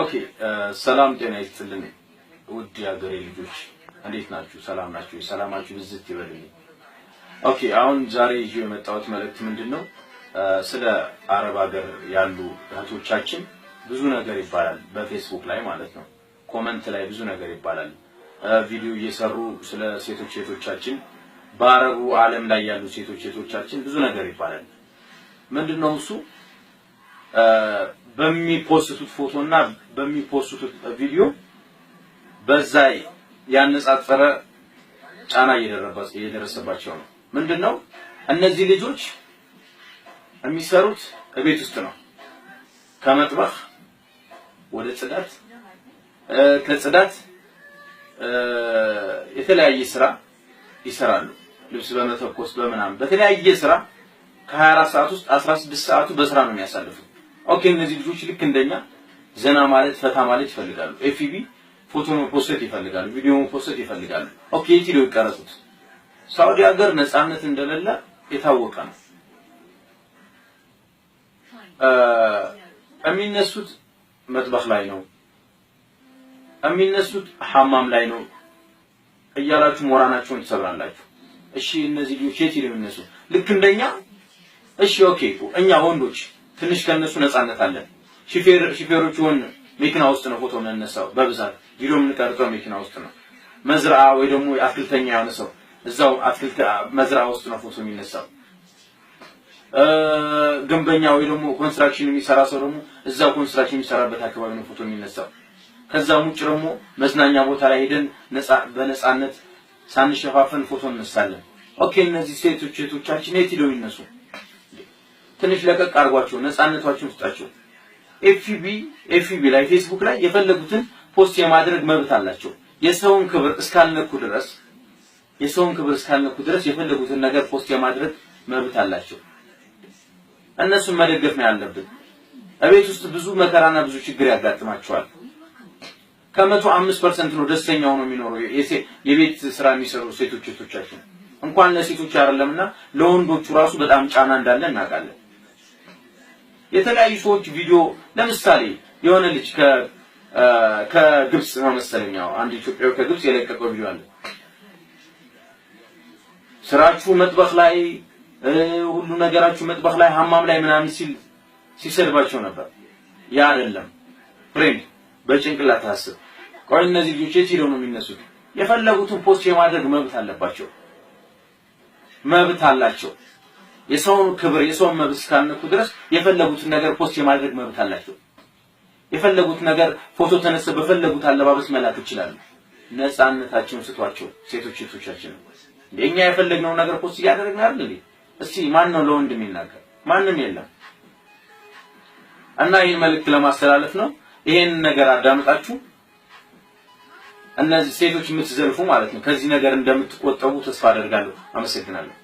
ኦኬ ሰላም ጤና ይስጥልን። ውድ የሀገሬ ልጆች እንዴት ናችሁ? ሰላም ናችሁ? ሰላማችሁ ብዝት ይበልልኝ። ኦኬ አሁን ዛሬ ይዤ የመጣሁት መልእክት ምንድን ነው? ስለ አረብ ሀገር ያሉ እህቶቻችን ብዙ ነገር ይባላል፣ በፌስቡክ ላይ ማለት ነው። ኮመንት ላይ ብዙ ነገር ይባላል። ቪዲዮ እየሰሩ ስለ ሴቶች ሴቶቻችን በአረቡ ዓለም ላይ ያሉ ሴቶች ሴቶቻችን ብዙ ነገር ይባላል። ምንድን ነው እሱ በሚፖስቱት ፎቶና በሚፖስቱት ቪዲዮ በዛ ያነጻጸረ ጫና እየደረሰባቸው ነው። ምንድነው እነዚህ ልጆች የሚሰሩት እቤት ውስጥ ነው። ከመጥበህ ወደ ጽዳት፣ ከጽዳት የተለያየ ስራ ይሰራሉ። ልብስ በመተኮስ በምናምን በተለያየ ስራ ከ24 ሰዓት ውስጥ 16 ሰዓቱ በስራ ነው የሚያሳልፉት። ኦኬ እነዚህ ልጆች ልክ እንደኛ ዘና ማለት ፈታ ማለት ይፈልጋሉ። ኤፍቢ ፎቶ መፖስት ይፈልጋሉ፣ ቪዲዮ መፖስት ይፈልጋሉ። ኦኬ እዚህ ሄደው ይቀረጹት? ሳውዲ ሀገር ነፃነት እንደሌለ የታወቀ ነው። የሚነሱት መጥበክ ላይ ነው፣ የሚነሱት ሐማም ላይ ነው እያላችሁ ሞራናቸውን ትሰብራላችሁ። እሺ እነዚህ ልጆች የት የሚነሱት? ልክ እንደኛ እሺ ኦኬ እኛ ወንዶች ትንሽ ከነሱ ነፃነት አለን። ሹፌር ሹፌሮቹን መኪና ውስጥ ነው ፎቶ የምንነሳው በብዛት ቪዲዮ የምንቀርጸው መኪና ውስጥ ነው። መዝራ ወይ ደግሞ አትክልተኛ የሆነ ሰው እዛው አትክልት መዝራ ውስጥ ነው ፎቶ የሚነሳው። ግንበኛ ወይ ደግሞ ኮንስትራክሽን የሚሰራ ሰው ደግሞ እዛው ኮንስትራክሽን የሚሰራበት አካባቢ ነው ፎቶ የሚነሳው። ከዛም ውጭ ደግሞ መዝናኛ ቦታ ላይ ሄደን በነፃነት ሳንሸፋፈን ፎቶ እንነሳለን። ኦኬ እነዚህ ሴቶች ሴቶቻችን የት ሄደው ይነሱ? ትንሽ ለቀቅ አድርጓቸው፣ ነፃነቷቸውን ስጣቸው። ኤፍቢ ኤፍቢ ላይ ፌስቡክ ላይ የፈለጉትን ፖስት የማድረግ መብት አላቸው። የሰውን ክብር እስካልነኩ ድረስ የሰውን ክብር እስካልነኩ ድረስ የፈለጉትን ነገር ፖስት የማድረግ መብት አላቸው። እነሱን መደገፍ ነው ያለብን። እቤት ውስጥ ብዙ መከራና ብዙ ችግር ያጋጥማቸዋል። ከመቶ አምስት ፐርሰንት ነው ደስተኛ ሆኖ የሚኖረው የቤት ስራ የሚሰሩ ሴቶች እህቶቻችን እንኳን ለሴቶች አይደለምና ለወንዶቹ ራሱ በጣም ጫና እንዳለ እናውቃለን። የተለያዩ ሰዎች ቪዲዮ ለምሳሌ የሆነ ልጅ ከግብጽ ነው መሰለኛው አንድ ኢትዮጵያዊ ከግብጽ የለቀቀው ቪዲዮ አለ። ስራችሁ መጥበቅ ላይ ሁሉ ነገራችሁ መጥበክ ላይ ሀማም ላይ ምናምን ሲል ሲሰድባቸው ነበር። ያ አይደለም ፍሬንድ፣ በጭንቅላት አስብ። ቆይ እነዚህ ልጆች የት ሄደው ነው የሚነሱት? የፈለጉትን ፖስት የማድረግ መብት አለባቸው፣ መብት አላቸው። የሰውን ክብር የሰውን መብት እስካነኩ ድረስ የፈለጉትን ነገር ፖስት የማድረግ መብት አላቸው። የፈለጉት ነገር ፎቶ ተነስተ በፈለጉት አለባበስ መላክ ይችላሉ። ነፃነታቸውን ስቷቸው ሴቶች ሴቶቻችን እኛ የፈለግነውን ነገር ፖስት እያደረግን አይደል እንዴ? እስቲ ማን ነው ለወንድ የሚናገር? ማንም የለም። እና ይህን መልእክት ለማስተላለፍ ነው። ይሄን ነገር አዳምጣችሁ እነዚህ ሴቶች የምትዘልፉ ማለት ነው ከዚህ ነገር እንደምትቆጠቡ ተስፋ አደርጋለሁ። አመሰግናለሁ።